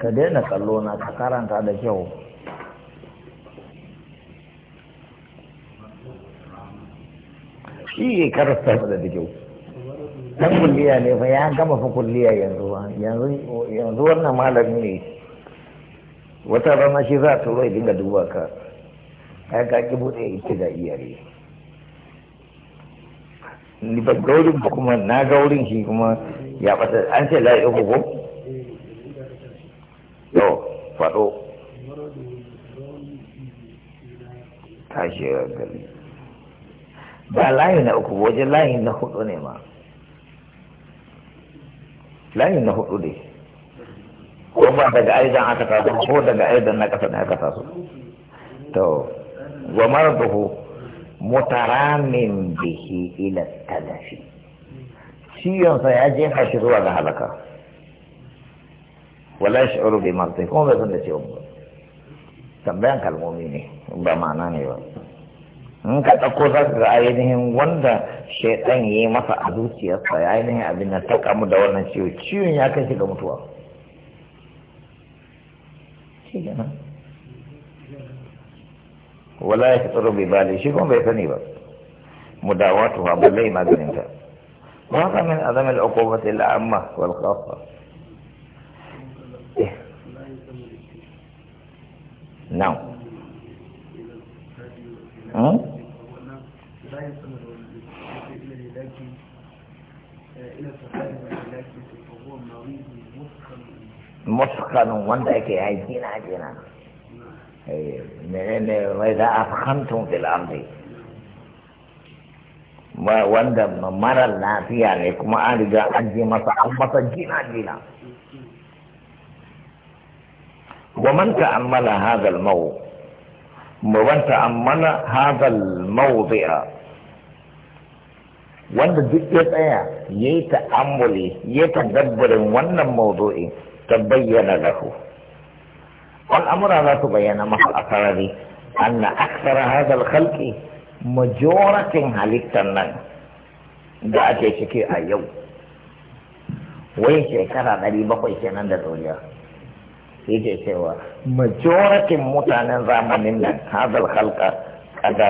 ka daina kallo na ka karanta da kyau shi karanta da kyau dan kulliya ne fa ya gama fa kulliya yanzu yanzu yanzu wannan malami ne wata rana shi za a turo dinga duba ka ai ka ki bude ita da iyare ni ba gaurin ba kuma na gaurin shi kuma ya bata an ce la ilaha ko to faɗo tashi gari ba layi na uku waje layi na hudu ne ma layi na hudu ne ko ba daga aizan aka taso ko daga aizan na kasa ne aka taso to wa marduhu mutaramin bihi ila talafi ciwon sa ya jefa shi zuwa ga halaka wala ya shi'uru bi marti kuma bai san da cewa ba tambayan kalmomi ne ba ma'ana ne ba in ka ɗauko za ka ainihin wanda shaidan yi masa a zuciyarsa ya ainihin abin nan ta kamu da wannan ciwo ciwon ya kai shi ga mutuwa shi kenan wala ya fitar bai bali shi kuma bai sani ba mudawatu ba balle maganin ta ba haka min azamil uqubati illa amma wal khassa Eh. Now. مسخن hmm? wanda yake aiki na kenan eh, menene wai za a fahimtun filamdi wanda mara lafiya ne kuma an riga an je masa an masa gina jina. ومن تأمل هذا الموضع ومن تأمل هذا الموضع wanda duk ya tsaya ya yi ta'ammuli ya tadabbarin wannan mawdu'i ta bayyana lahu al'amura za su bayyana masa a sarari anna aksara hadal halƙi, majoratin halittar nan da ake ciki a yau wai shekara ɗari bakwai kenan da duniya yake cewa majoratin mutanen zamanin nan hazal halka kada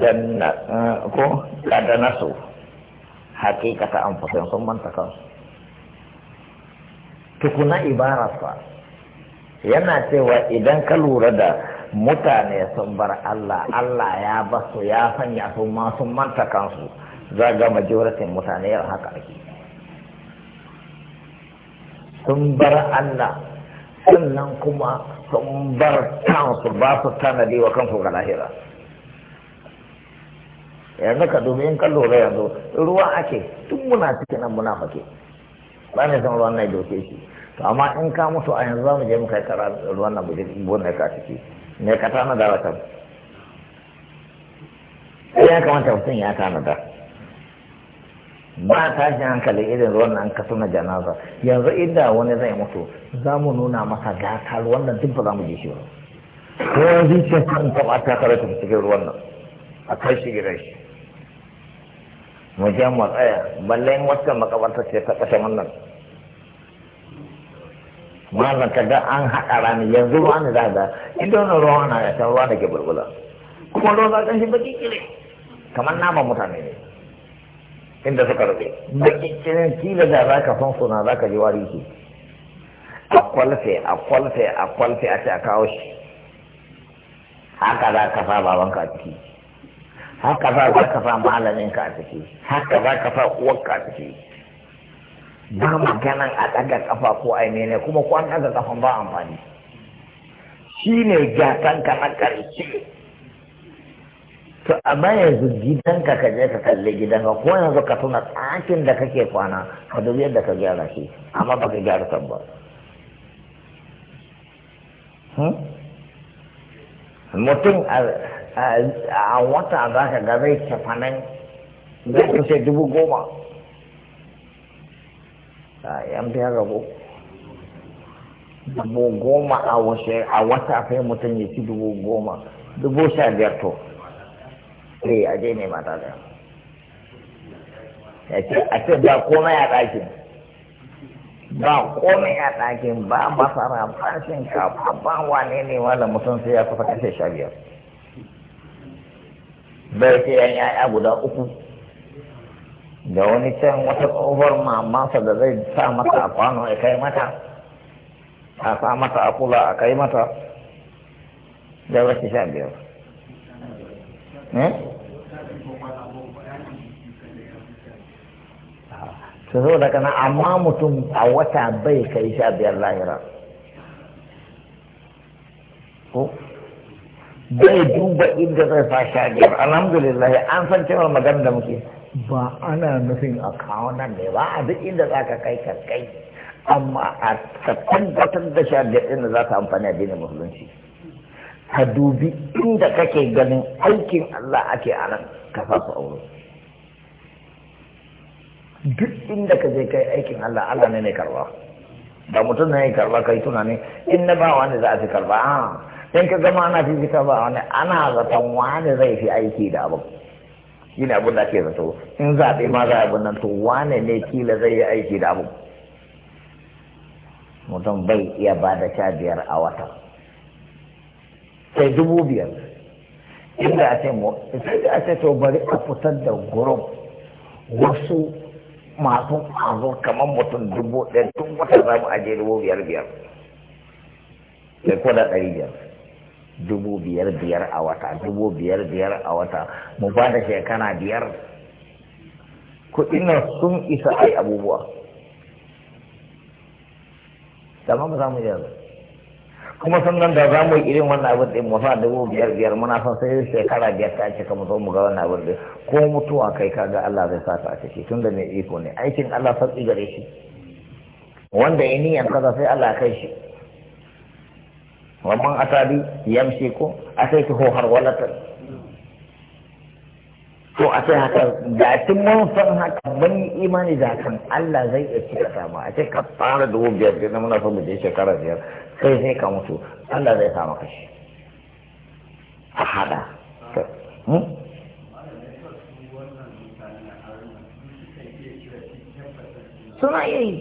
danna eh, ko kada nasu hakikata amfasin sun manta kansu tukuna ibararsa yana cewa idan ka lura da mutane sun bar Allah Allah ya basu ya sanya su ma sun manta kansu za ga majoratin mutane yau haka ake sun bar Allah sannan kuma sun bar kansu ba su tanadi wa kansu ga lahira yanzu ka dubi in kan lura yanzu ruwa ake tun muna cikin nan muna fake ba ne san ruwan na doke shi to amma in ka mutu a yanzu za mu je mu kai tara ruwan na buje buwan ne ka ciki ne ka tana da wata ya kamata mutum ya tana da ba tashin hankali irin ruwan nan kasu na janaza yanzu inda wani zai mutu za mu nuna masa gata ruwan nan duk ba za mu je shi ba ko zuciyar kan taɓa ta kare ta cikin ruwan nan a kai shi gidan shi mu je mu tsaya balle in wata makabarta ce ta kashe wannan malam ka da an haɗa rani yanzu ruwa ne za ga inda wani ruwa na ya ruwa da ke bulbula kuma ruwa za ka shi baki kire kamar naman mutane ne inda suka rufe da cikin kila da za ka san suna za ka ji wari ke a kwalfe a kwalfe a kwalfe a ce a kawo shi haka za ka sa baban a ciki haka za ka sa malaminka a ciki haka za ka sa uwarka a ciki ba maganan a ɗaga kafa ko a ne kuma kwan ɗaga kafan ba amfani shi ne gatan ka na to amma yanzu gidanka ka je ka kalli gidanka ko yanzu ka tuna tsakin da kake kwana ka dubi yadda ka gyara shi amma ba ka gyara ta ba hmm? mutum a wata za ka ga zai tafanin zai kusa dubu goma a yan biya rabo dubu goma a wata sai mutum ya ci dubu goma dubu sha biyar to sai eh, ya je ne mata da ya ce a ce ba komai a ɗakin ba komai a ɗakin ba masara ba shinkafa ba wane ne wanda mutum sai ya kusa kashe sha biyar bai sai yan ya'ya guda uku da wani can wata tsohuwar mamansa da zai sa mata a kwano ya kai mata a sa mata a kula a kai mata da wasu sha biyar su zo daga na amma mutum a wata bai kai sha biyar lahira ko bai duba inda zai fa sha biyar alhamdulillah an san cewa magana da muke ba ana nufin a kawo nan ne ba a duk inda za ka kai ka kai amma a tabbatar da sha biyar inda za ta amfani a dinin musulunci ka dubi inda kake ganin aikin Allah ake a nan ka fasu aure duk inda ka je kai aikin Allah Allah ne ne karba da mutum ne karba kai tunani in na ba wani za a fi karba a ah, dan ka gama ana fi fita ba wani ana zaton wani zai fi aiki da abin shine abin da ake zato in zaɓe ma za a abin nan to wani ne kila zai yi aiki da abu mutum bai iya ba da sha biyar a wata sai dubu biyar inda a ce sai da a ce to bari a fitar da gurum wasu masu kwazo kamar mutum dubu ɗaya tun wata za mu aje dubu biyar biyar da ko da ɗari biyar dubu biyar biyar a wata dubu biyar biyar a wata mu ba da shekara biyar kuɗin nan sun isa ai abubuwa. Sama ba za mu yanzu. kuma sannan da za mu yi irin wannan abin ɗin mafa dubu biyar biyar muna son sai shekara biyar ta ce, kuma zo mu ga wannan abin ɗin ko mutuwa kai kaga Allah zai sa ka a ciki tun da mai iko ne aikin Allah sauƙi gare shi wanda ya niyan kaza sai Allah kai shi wannan asabi yamshi ko ki ho har walatar to a sai haka da tun mun san haka mun yi imani da kan Allah zai iya ka samu a ce ka fara dubu biyar da na muna son mu je shekara biyar sai sai ka mutu Allah zai sa maka shi a hada hmm? suna iya yi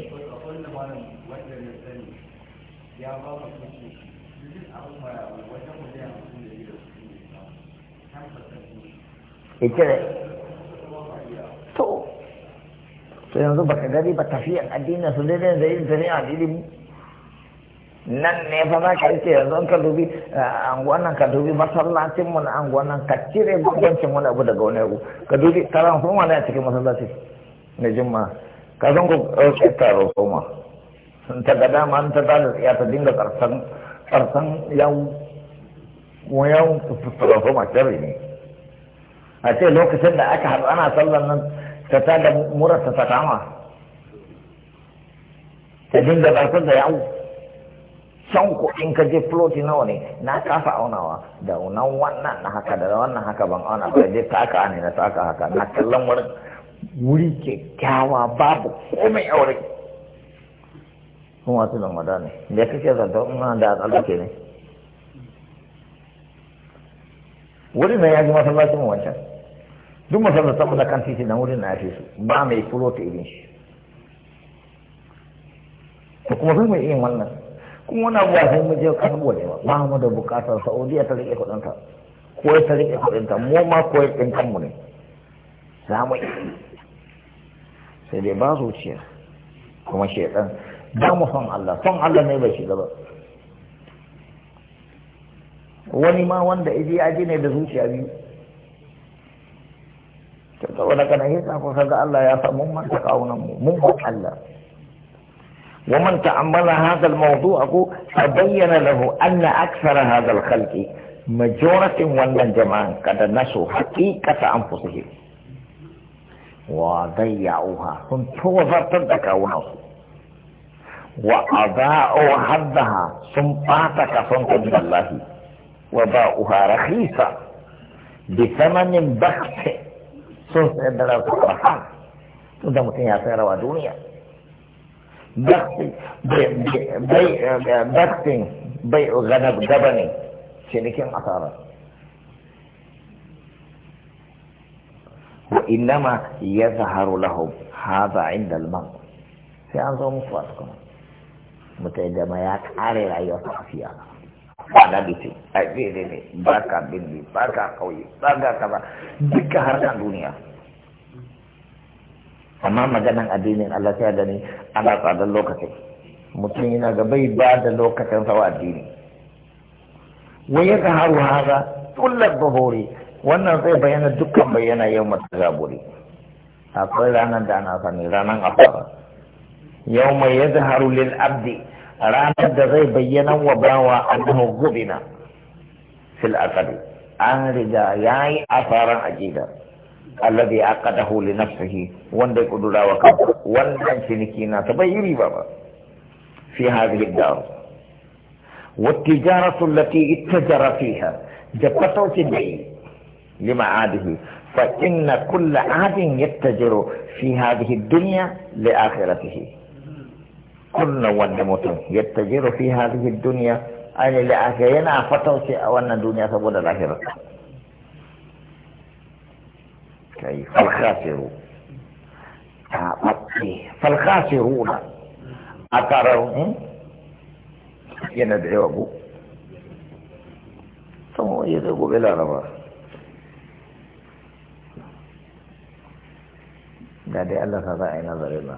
ya cire to to yanzu baka gari ba tafiyan addinin su daidai da yin zane a ilimi nan ne fa za ka ce yanzu ka dubi eh, anguwan nan ka dubi masallacin mu na anguwan nan ka cire bambancin wani abu daga wani abu ka dubi karan sun wani a cikin masallaci na jimma ka zan ku ɗauke taro soma sun ta gada ma ta da tsiya ta dinga karsan karsan yawon yawon su tsaro soma shari ne a ce lokacin da aka haɗu ana sallan nan ta ta da murarsa ta sakama ta dinga zarfin da yawo can ko in ka je floti nawa ne na kafa aunawa da unan wannan na haka da wannan haka ban auna ba je taka ne na taka haka na kallon wurin wuri kyakkyawa babu komai aure kuma tunan wada ne da kake zanta in da tsallake ne wurin nan ya ji masallacin wancan duk masallacin kula kan titi nan wurin na fi su ba mai fulo ta irin shi ko kuma zai mai yin wannan kuma wani abuwa sai mu je kasar waje ba ba mu da bukatar saudiya ta rike kudinta ta ko ta rike kudinta ta mu ma ko din kanmu ne za mu yi sai dai ba zuciya kuma shedan ba mu son Allah son Allah ne bai shiga ba wani ma wanda iji ya ji ne da zuciya biyu ta saboda kana hisa ko kaga Allah ya samu mun manta kawunan mu mun ba Allah wa man ta'ammala hadha al-mawdu' ko bayyana lahu anna akthara hadha al-khalqi majority wannan jama'an kada nasu haqiqata anfusihim wa dayya'uha sun tawazartar da su wa adha'u haddaha sun bata kafanka min وباؤها رخيصة بثمن بخس سوف عندنا فرحان تنتهي متنيا سيرة ودنيا بخس بيع بخس بيع غنب جبني شنكين أثارا وإنما يظهر لهم هذا عند الموت في أنظر مفاتكم متعدما ما كاري لا يصح فيها kwana da ce a ɗaya ne ba ka bindi ba ka kauye ba ka kaza duka harkar duniya amma maganan addinin Allah sai gani ana tsadar lokacin mutum yana ga bai ba da lokacin sawa addini wai ya ga haru haza tullar bahori wannan zai bayyana dukkan bayyana yau mata zaburi akwai ranar da ana sani ranar afara yau mai ya zaharu lil abdi ranar da zai bayyana wa bawa annahu gubina fil aqd an riga yayi asaran aqida alladhi aqadahu li nafsihi wanda ya kudura wa kansa wannan ciniki na ta bai riba ba fi hadhihi dar wa tijaratu allati ittajara fiha da fatauci da lima'adihi fa inna kulla ahadin yattajiru fi hadhihi dunya li akhiratihi كنا ونموت يتجر في هذه الدنيا أين لا ينا فتوشي أولنا الدنيا سبود الآخرة كيف الخاسرون فالخاسرون أترون يندعي أبو ثم يدعو بلا ربا قال الله فضائي نظر الله